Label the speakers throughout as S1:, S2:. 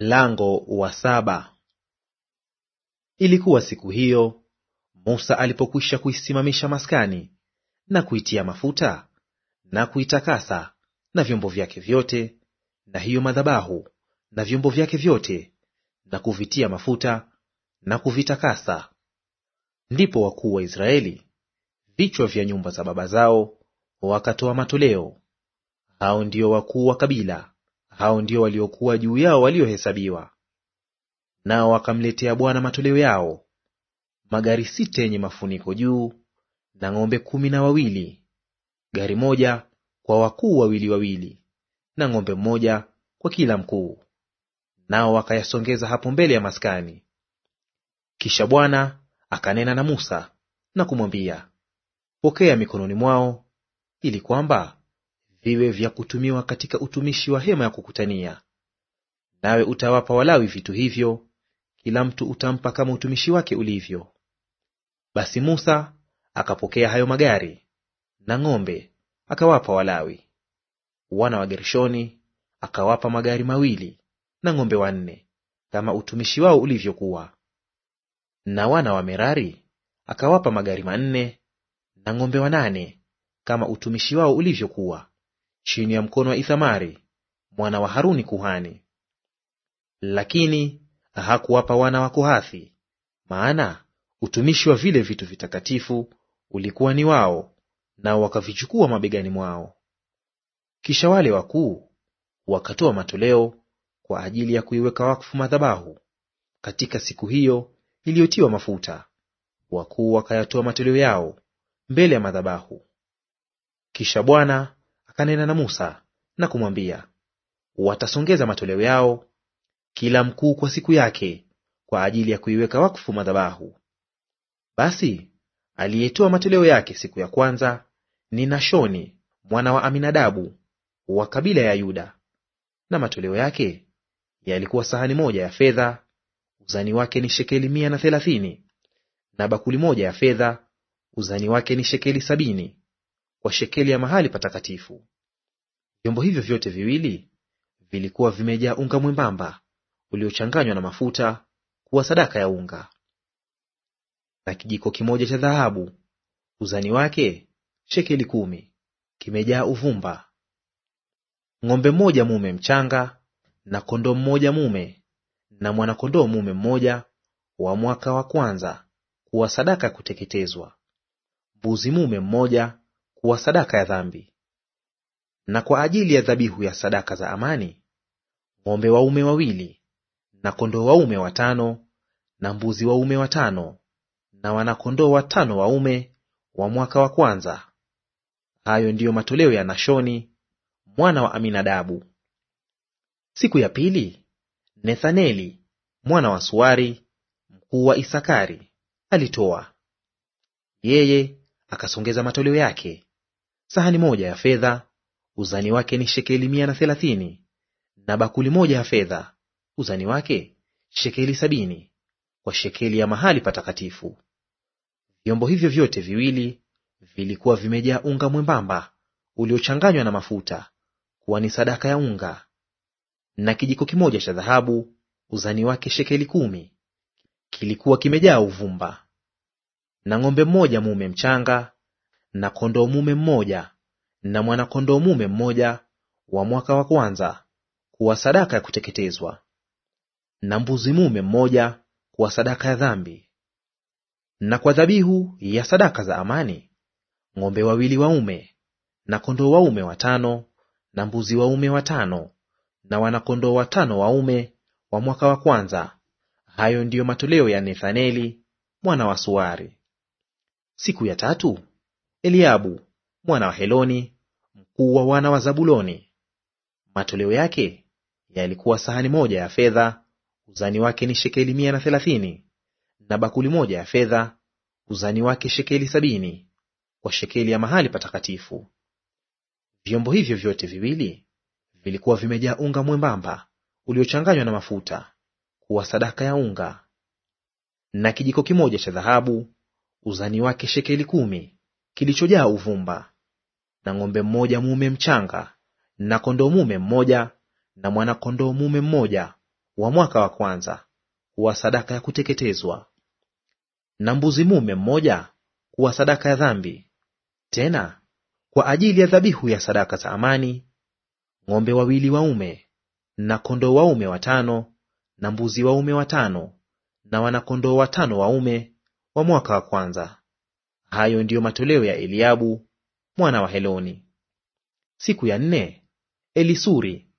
S1: Mlango wa saba. Ilikuwa siku hiyo Musa alipokwisha kuisimamisha maskani na kuitia mafuta na kuitakasa na vyombo vyake vyote na hiyo madhabahu na vyombo vyake vyote na kuvitia mafuta na kuvitakasa, ndipo wakuu wa Israeli vichwa vya nyumba za baba zao wakatoa matoleo. Hao ndio wakuu wa kabila hao ndio waliokuwa juu yao waliohesabiwa. Nao wakamletea Bwana matoleo yao, magari sita yenye mafuniko juu na ng'ombe kumi na wawili, gari moja kwa wakuu wawili wawili, na ng'ombe mmoja kwa kila mkuu. Nao wakayasongeza hapo mbele ya maskani. Kisha Bwana akanena na Musa na kumwambia, pokea mikononi mwao, ili kwamba viwe vya kutumiwa katika utumishi wa hema ya kukutania. Nawe utawapa Walawi vitu hivyo, kila mtu utampa kama utumishi wake ulivyo. Basi Musa akapokea hayo magari na ng'ombe, akawapa Walawi. Wana wa Gershoni akawapa magari mawili na ng'ombe wanne kama utumishi wao ulivyokuwa. Na wana wa Merari akawapa magari manne na ng'ombe wanane kama utumishi wao ulivyokuwa chini ya mkono wa Ithamari mwana wa Haruni kuhani. Lakini hakuwapa wana wa Kohathi, maana utumishi wa vile vitu vitakatifu ulikuwa ni wao, nao wakavichukua mabegani mwao. Kisha wale wakuu wakatoa matoleo kwa ajili ya kuiweka wakfu madhabahu katika siku hiyo iliyotiwa mafuta, wakuu wakayatoa matoleo yao mbele ya madhabahu. Kisha Bwana akanena na Musa na kumwambia, watasongeza matoleo yao kila mkuu kwa siku yake kwa ajili ya kuiweka wakfu madhabahu. Basi aliyetoa matoleo yake siku ya kwanza ni Nashoni mwana wa Aminadabu wa kabila ya Yuda, na matoleo yake yalikuwa sahani moja ya fedha, uzani wake ni shekeli mia na thelathini, na bakuli moja ya fedha, uzani wake ni shekeli sabini, kwa shekeli ya mahali patakatifu. Vyombo hivyo vyote viwili vilikuwa vimejaa unga mwembamba uliochanganywa na mafuta kuwa sadaka ya unga, na kijiko kimoja cha dhahabu uzani wake shekeli kumi kimejaa uvumba. Ng'ombe mmoja mume mchanga na kondoo mmoja mume na mwanakondoo mume mmoja wa mwaka wa kwanza kuwa sadaka ya kuteketezwa, mbuzi mume mmoja kuwa sadaka ya dhambi. Na kwa ajili ya dhabihu ya sadaka za amani, ng'ombe waume wawili na kondoo waume watano na mbuzi waume watano na wanakondoo watano waume wa mwaka wa kwanza. Hayo ndiyo matoleo ya Nashoni mwana wa Aminadabu. Siku ya pili Nethaneli mwana wa Suari mkuu wa Isakari alitoa, yeye akasongeza matoleo yake sahani moja ya fedha uzani wake ni shekeli mia na thelathini, na bakuli moja ya fedha uzani wake shekeli sabini kwa shekeli ya mahali patakatifu. Vyombo hivyo vyote viwili vilikuwa vimejaa unga mwembamba uliochanganywa na mafuta, kuwa ni sadaka ya unga. Na kijiko kimoja cha dhahabu uzani wake shekeli kumi kilikuwa kimejaa uvumba. Na ng'ombe mmoja mume mchanga na kondoo mume mmoja na mwana-kondoo mume mmoja wa mwaka wa kwanza kuwa sadaka ya kuteketezwa, na mbuzi mume mmoja kuwa sadaka ya dhambi; na kwa dhabihu ya sadaka za amani, ng'ombe wawili waume na kondoo waume watano na mbuzi waume watano na wana-kondoo watano waume wa mwaka wa kwanza. Hayo ndiyo matoleo ya Nethaneli mwana wa Suari. Siku ya tatu Eliabu mwana wa Heloni, mkuu wa wana wa Zabuloni. Matoleo yake yalikuwa sahani moja ya fedha, uzani wake ni shekeli mia na thelathini, na bakuli moja ya fedha, uzani wake shekeli sabini, kwa shekeli ya mahali patakatifu. Vyombo hivyo vyote viwili vilikuwa vimejaa unga mwembamba uliochanganywa na mafuta kuwa sadaka ya unga. Na kijiko kimoja cha dhahabu uzani wake shekeli kumi, kilichojaa uvumba, na ng'ombe mmoja mume mchanga, na kondoo mume mmoja, na mwana-kondoo mume mmoja wa mwaka wa kwanza kuwa sadaka ya kuteketezwa, na mbuzi mume mmoja kuwa sadaka ya dhambi; tena kwa ajili ya dhabihu ya sadaka za amani, ng'ombe wawili waume, na kondoo waume watano, na mbuzi waume watano, na wanakondoo watano waume wa mwaka wa kwanza. Hayo ndiyo matoleo ya Eliabu mwana wa Heloni. Siku ya nne Elisuri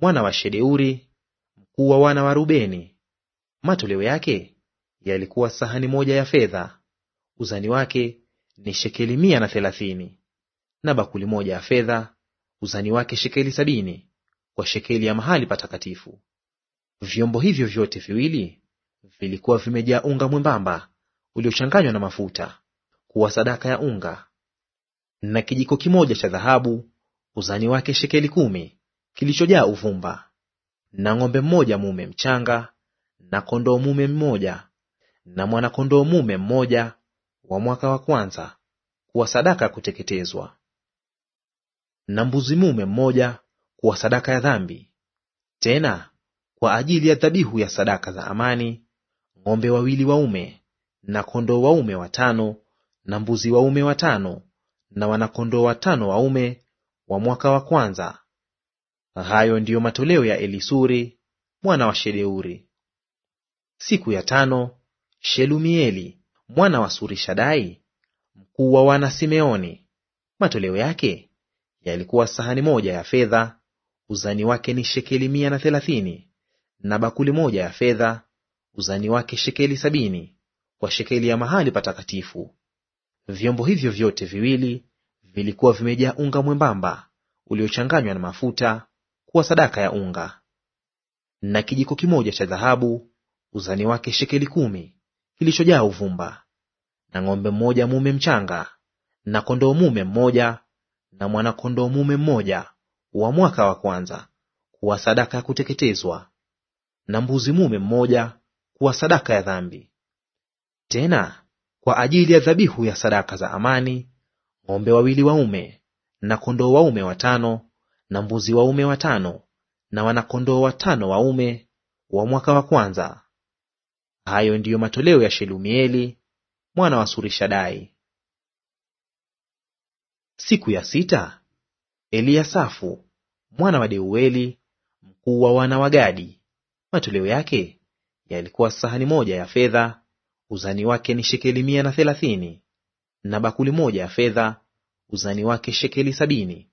S1: mwana wa Shedeuri mkuu wa wana wa Rubeni, matoleo yake yalikuwa sahani moja ya fedha, uzani wake ni shekeli mia na thelathini, na bakuli moja ya fedha, uzani wake shekeli sabini, kwa shekeli ya mahali patakatifu. Vyombo hivyo vyote viwili vilikuwa vimejaa unga mwembamba uliochanganywa na mafuta kuwa sadaka ya unga, na kijiko kimoja cha dhahabu uzani wake shekeli kumi kilichojaa uvumba, na ng'ombe mmoja mume mchanga, na kondoo mume mmoja, na mwana-kondoo mume mmoja wa mwaka wa kwanza, kuwa sadaka ya kuteketezwa, na mbuzi mume mmoja kuwa sadaka ya dhambi; tena kwa ajili ya dhabihu ya sadaka za amani, ng'ombe wawili waume na kondoo waume watano na mbuzi waume watano na wanakondoo watano waume wa mwaka wa kwanza. Hayo ndiyo matoleo ya Elisuri mwana wa Shedeuri. Siku ya tano Shelumieli mwana wa Surishadai mkuu wa wana Simeoni, matoleo yake yalikuwa sahani moja ya fedha, uzani wake ni shekeli mia na thelathini, na bakuli moja ya fedha, uzani wake shekeli sabini, kwa shekeli ya mahali patakatifu. Vyombo hivyo vyote viwili vilikuwa vimejaa unga mwembamba uliochanganywa na mafuta kuwa sadaka ya unga. Na kijiko kimoja cha dhahabu uzani wake shekeli kumi kilichojaa uvumba, na ng'ombe mmoja mume mchanga, na kondoo mume mmoja, na mwana-kondoo mume mmoja wa mwaka wa kwanza kuwa sadaka ya kuteketezwa, na mbuzi mume mmoja kuwa sadaka ya dhambi. Tena kwa ajili ya dhabihu ya sadaka za amani, ng'ombe wawili waume na kondoo waume watano na mbuzi waume watano na wanakondoo watano waume wa mwaka wa kwanza. Hayo ndiyo matoleo ya Shelumieli mwana wa Surishadai. Siku ya sita Eliasafu mwana wa Deueli mkuu wa wana wa Gadi, matoleo yake yalikuwa sahani moja ya fedha uzani wake ni shekeli mia na thelathini, na bakuli moja ya fedha uzani wake shekeli sabini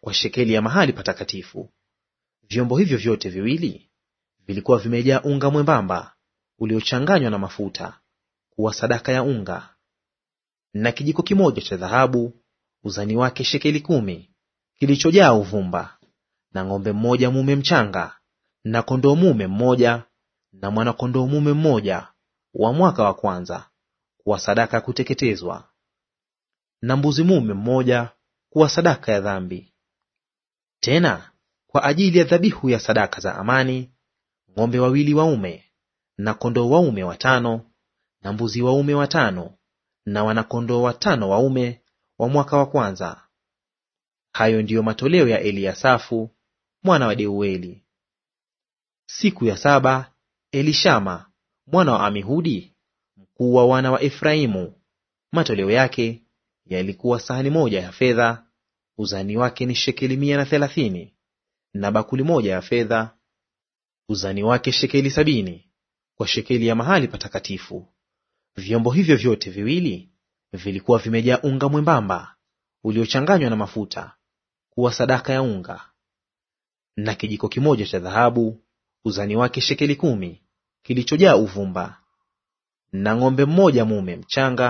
S1: kwa shekeli ya mahali patakatifu. Vyombo hivyo vyote viwili vilikuwa vimejaa unga mwembamba uliochanganywa na mafuta kuwa sadaka ya unga. Na kijiko kimoja cha dhahabu uzani wake shekeli kumi kilichojaa uvumba, na ng'ombe mmoja mume mchanga, na kondoo mume mmoja, na mwana-kondoo mume mmoja wa mwaka wa kwanza kuwa sadaka ya kuteketezwa, na mbuzi mume mmoja kuwa sadaka ya dhambi. Tena kwa ajili ya dhabihu ya sadaka za amani, ng'ombe wawili waume na kondoo waume watano na mbuzi waume watano na wanakondoo watano waume wa mwaka wa kwanza. Hayo ndiyo matoleo ya Eliasafu mwana wa Deueli. Siku ya saba Elishama mwana wa Amihudi, mkuu wa wana wa Efraimu. Matoleo yake yalikuwa sahani moja ya fedha, uzani wake ni shekeli mia na thelathini, na bakuli moja ya fedha, uzani wake shekeli sabini, kwa shekeli ya mahali patakatifu. Vyombo hivyo vyote viwili vilikuwa vimejaa unga mwembamba uliochanganywa na mafuta kuwa sadaka ya unga, na kijiko kimoja cha dhahabu uzani wake shekeli kumi kilichojaa uvumba, na ng'ombe mmoja mume mchanga,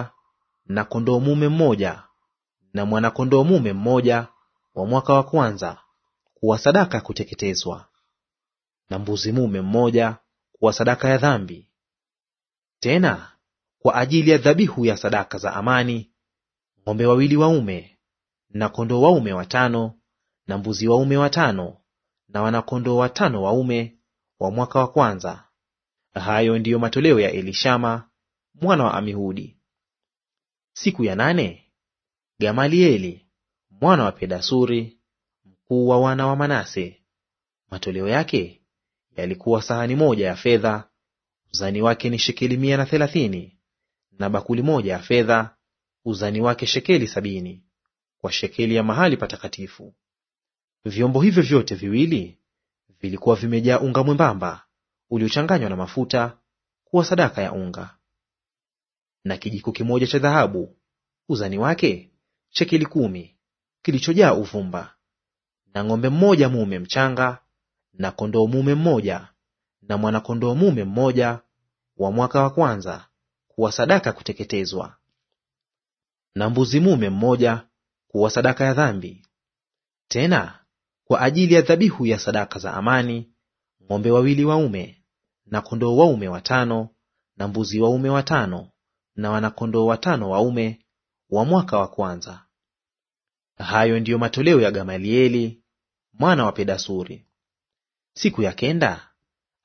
S1: na kondoo mume mmoja, na mwana-kondoo mume mmoja wa mwaka wa kwanza kuwa sadaka ya kuteketezwa, na mbuzi mume mmoja kuwa sadaka ya dhambi. Tena kwa ajili ya dhabihu ya sadaka za amani, ng'ombe wawili waume, na kondoo waume watano, na mbuzi waume watano, na wanakondoo watano waume wa mwaka wa kwanza Hayo ndiyo matoleo ya Elishama mwana wa Amihudi. Siku ya nane Gamalieli mwana wa Pedasuri mkuu wa wana wa Manase, matoleo yake yalikuwa sahani moja ya fedha, uzani wake ni shekeli mia na thelathini, na bakuli moja ya fedha, uzani wake shekeli sabini, kwa shekeli ya mahali patakatifu. Vyombo hivyo vyote viwili vilikuwa vimejaa unga mwembamba uliochanganywa na mafuta kuwa sadaka ya unga; na kijiko kimoja cha dhahabu uzani wake shekeli kumi kilichojaa uvumba; na ng'ombe mmoja mume mchanga na kondoo mume mmoja na mwana-kondoo mume mmoja wa mwaka wa kwanza kuwa sadaka ya kuteketezwa; na mbuzi mume mmoja kuwa sadaka ya dhambi; tena kwa ajili ya dhabihu ya sadaka za amani ng'ombe wawili waume na kondoo waume watano na mbuzi waume watano na wanakondoo watano waume wa mwaka wa kwanza. Hayo ndiyo matoleo ya Gamalieli mwana wa Pedasuri. Siku ya kenda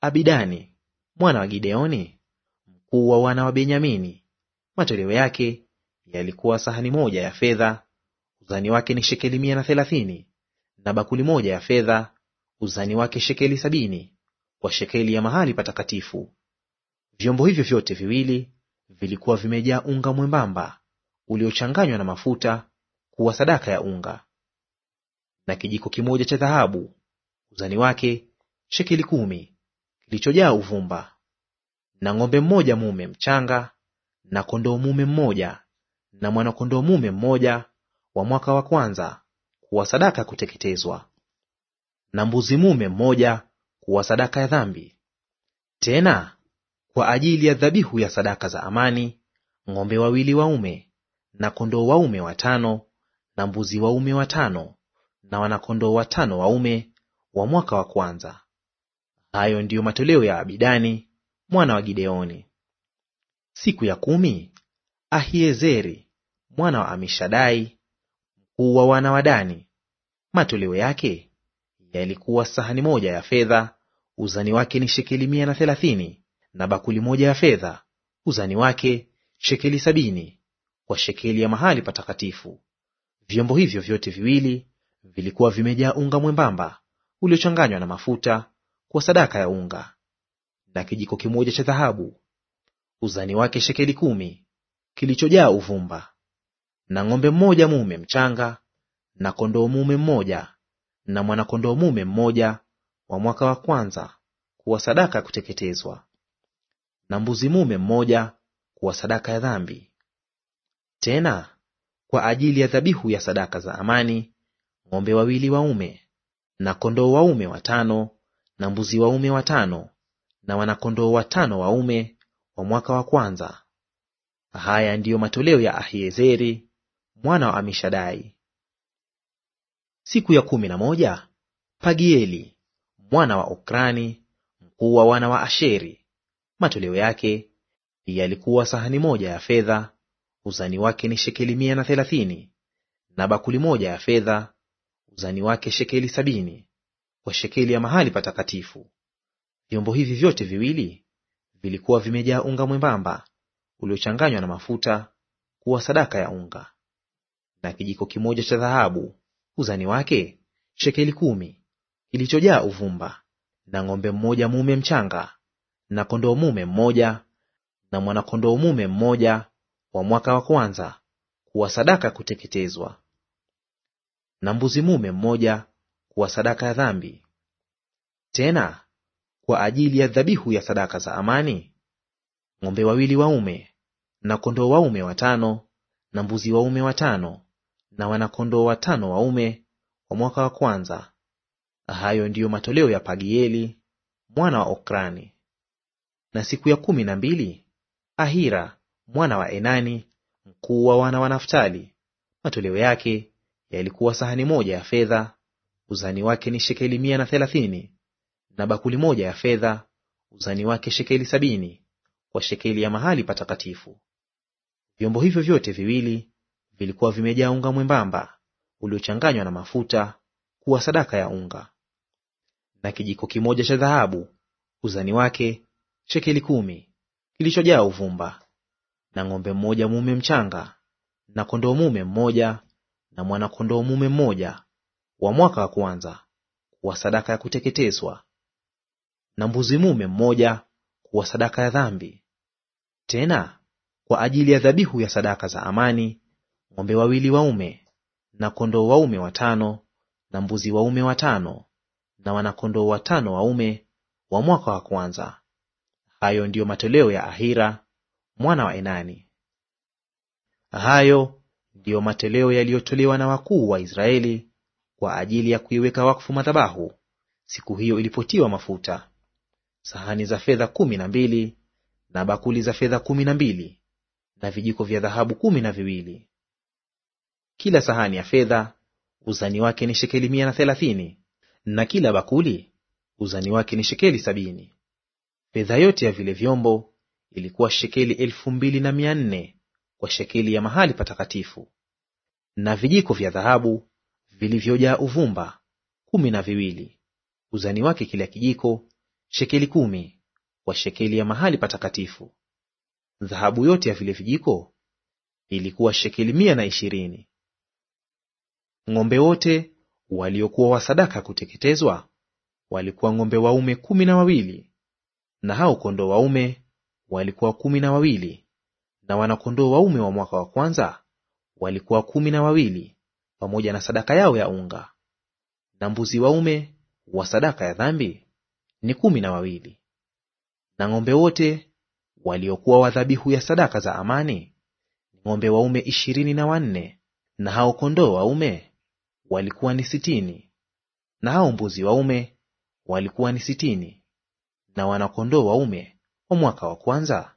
S1: Abidani mwana wa Gideoni mkuu wa wana wa Benyamini, matoleo yake yalikuwa sahani moja ya fedha uzani wake ni shekeli mia na thelathini na bakuli moja ya fedha uzani wake shekeli sabini kwa shekeli ya mahali patakatifu. Vyombo hivyo vyote viwili vilikuwa vimejaa unga mwembamba uliochanganywa na mafuta kuwa sadaka ya unga. Na kijiko kimoja cha dhahabu uzani wake shekeli kumi kilichojaa uvumba, na ng'ombe mmoja mume mchanga na kondoo mume mmoja na mwanakondoo mume mmoja wa mwaka wa kwanza kuwa sadaka ya kuteketezwa, na mbuzi mume mmoja kuwa sadaka ya dhambi, tena kwa ajili ya dhabihu ya sadaka za amani, ng'ombe wawili waume na kondoo waume watano na mbuzi waume watano na wanakondoo watano waume wa mwaka wa kwanza. Hayo ndiyo matoleo ya Abidani mwana wa Gideoni. Siku ya kumi Ahiezeri mwana wa Amishadai mkuu wa wana wa Dani, matoleo yake yalikuwa sahani moja ya fedha uzani wake ni shekeli mia na thelathini, na bakuli moja ya fedha uzani wake shekeli sabini kwa shekeli ya mahali patakatifu. Vyombo hivyo vyote viwili vilikuwa vimejaa unga mwembamba uliochanganywa na mafuta kwa sadaka ya unga, na kijiko kimoja cha dhahabu uzani wake shekeli kumi kilichojaa uvumba, na ng'ombe mmoja mume mchanga na kondoo mume mmoja na mwanakondoo mume mmoja wa mwaka wa kwanza kuwa sadaka ya kuteketezwa, na mbuzi mume mmoja kuwa sadaka ya dhambi. Tena kwa ajili ya dhabihu ya sadaka za amani, ng'ombe wawili waume na kondoo waume watano na mbuzi waume watano na wanakondoo watano waume wa mwaka wa kwanza. Haya ndiyo matoleo ya Ahiezeri mwana wa Amishadai. Siku ya kumi na moja Pagieli mwana wa Okrani, mkuu wa wana wa Asheri, matoleo yake yalikuwa sahani moja ya fedha, uzani wake ni shekeli mia na thelathini, na bakuli moja ya fedha, uzani wake shekeli sabini, kwa shekeli ya mahali patakatifu. Vyombo hivi vyote viwili vilikuwa vimejaa unga mwembamba uliochanganywa na mafuta kuwa sadaka ya unga, na kijiko kimoja cha dhahabu uzani wake shekeli kumi kilichojaa uvumba, na ng'ombe mmoja mume mchanga, na kondoo mume mmoja, na mwana-kondoo mume mmoja wa mwaka wa kwanza kuwa sadaka ya kuteketezwa, na mbuzi mume mmoja kuwa sadaka ya dhambi. Tena kwa ajili ya dhabihu ya sadaka za amani, ng'ombe wawili waume, na kondoo waume watano, na mbuzi waume watano, na wanakondoo watano waume wa mwaka wa kwanza. Hayo ndiyo matoleo ya Pagieli mwana wa Okrani. Na siku ya kumi na mbili Ahira mwana wa Enani mkuu wa wana wa Naftali, matoleo yake yalikuwa sahani moja ya fedha, uzani wake ni shekeli mia na thelathini, na bakuli moja ya fedha, uzani wake shekeli sabini, kwa shekeli ya mahali patakatifu. Vyombo hivyo vyote viwili vilikuwa vimejaa unga mwembamba uliochanganywa na mafuta kuwa sadaka ya unga; na kijiko kimoja cha dhahabu uzani wake shekeli kumi kilichojaa uvumba; na ng'ombe mmoja mume mchanga na kondoo mume mmoja na mwana-kondoo mume mmoja wa mwaka wa kwanza kuwa sadaka ya kuteketezwa; na mbuzi mume mmoja kuwa sadaka ya dhambi; tena kwa ajili ya dhabihu ya sadaka za amani ng'ombe wawili waume na kondoo waume watano na mbuzi waume watano na wanakondoo watano waume wa mwaka wa kwanza. Hayo ndiyo matoleo ya Ahira mwana wa Enani. Hayo ndiyo matoleo yaliyotolewa na wakuu wa Israeli kwa ajili ya kuiweka wakfu madhabahu siku hiyo ilipotiwa mafuta: sahani za fedha kumi na mbili na bakuli za fedha kumi na mbili na vijiko vya dhahabu kumi na viwili. Kila sahani ya fedha uzani wake ni shekeli mia na thelathini, na kila bakuli uzani wake ni shekeli sabini. Fedha yote ya vile vyombo ilikuwa shekeli elfu mbili na mia nne kwa shekeli ya mahali patakatifu. Na vijiko vya dhahabu vilivyojaa uvumba kumi na viwili, uzani wake kila kijiko shekeli kumi kwa shekeli ya mahali patakatifu. Dhahabu yote ya vile vijiko ilikuwa shekeli mia na ishirini. Ng'ombe wote waliokuwa wa sadaka ya kuteketezwa walikuwa ng'ombe waume kumi na wawili, na hao kondoo waume walikuwa kumi na wawili, na wana-kondoo waume wa mwaka wa kwanza walikuwa kumi na wawili, pamoja na sadaka yao ya unga. Na mbuzi waume wa sadaka ya dhambi ni kumi na wawili. Na ng'ombe wote waliokuwa wa dhabihu ya sadaka za amani ni ng'ombe waume ishirini na wanne, na hao kondoo waume walikuwa ni sitini, na hao mbuzi waume walikuwa ni sitini, na wanakondoo waume wa mwaka wa kwanza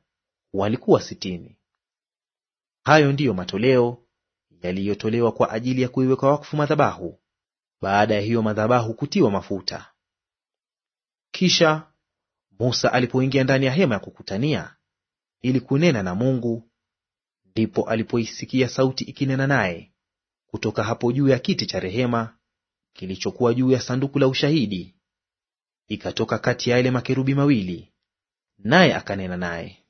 S1: walikuwa sitini. Hayo ndiyo matoleo yaliyotolewa kwa ajili ya kuiweka wakfu madhabahu baada ya hiyo madhabahu kutiwa mafuta. Kisha Musa alipoingia ndani ya hema ya kukutania ili kunena na Mungu, ndipo alipoisikia sauti ikinena naye kutoka hapo juu ya kiti cha rehema kilichokuwa juu ya sanduku la ushahidi, ikatoka kati ya yale makerubi mawili, naye akanena naye.